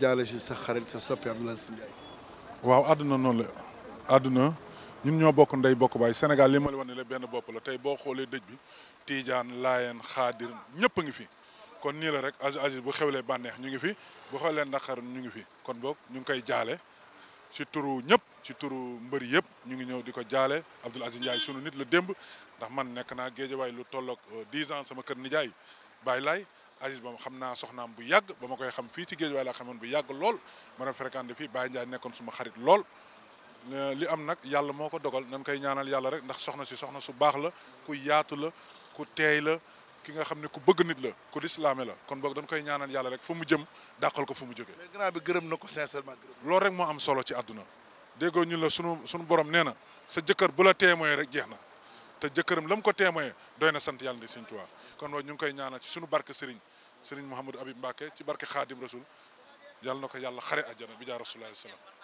jaale si sa xarit sa soppi Abdoul Aziz Ndiaye waaw àdduna noonu la àdduna ñun ñoo bokk ndey bokk baay Sénégal li ma la benn bopp la tey boo xoolee dëj bi Tiijaan Laayeen Xaadir ñëpp a ngi fi kon nii la rek Aziz Aziz bu xewlee bànneex ñu ngi fi bu xewlee naqar ñu ngi fi kon boog ñu ngi koy jaale ci turu ñëpp ci turu mbër yëpp ñu ngi ñëw di ko jaale Abdoul Aziz Ndiaye sunu nit la démb ndax man nekk naa waay lu tolloog 10 euh, ans sama kër nijaay Baye Laay Aziz ba xam naa soxnaam bu yàgg ba ma koy xam fii ci géej waaye laa xamoon bu yàgg lool ma doon fréquenté fii Baye Ndiaye nekkoon suma xarit lool euh, li am nag yàlla moo ko dogal nañ koy ñaanal yàlla rek ndax soxna si soxna su baax la ku yaatu la ku teey la ki nga xam ne ku bëgg nit la ku lislaame la kon boog dañ koy ñaanal yàlla rek fu mu jëm dàqal ko fu mu jógee. mais gërëm na ko sincèrement gërëm. loolu rek moo am solo ci àdduna déggoo ñu la sunu sunu borom nee na sa jëkkër bu la témoin rek jeex na te jëkkëram la mu ko témoin doy na sant yàlla ndi Sëriñ Tuubaa kon loolu ñu ngi koy ñaanal ci suñu barke Serigne Serigne Mouhamadou Habib Mbacké ci barke Khadim Rasoul yàlla na ko yàlla xare àjjana bi jaa Rasulullah sallallahu alayhi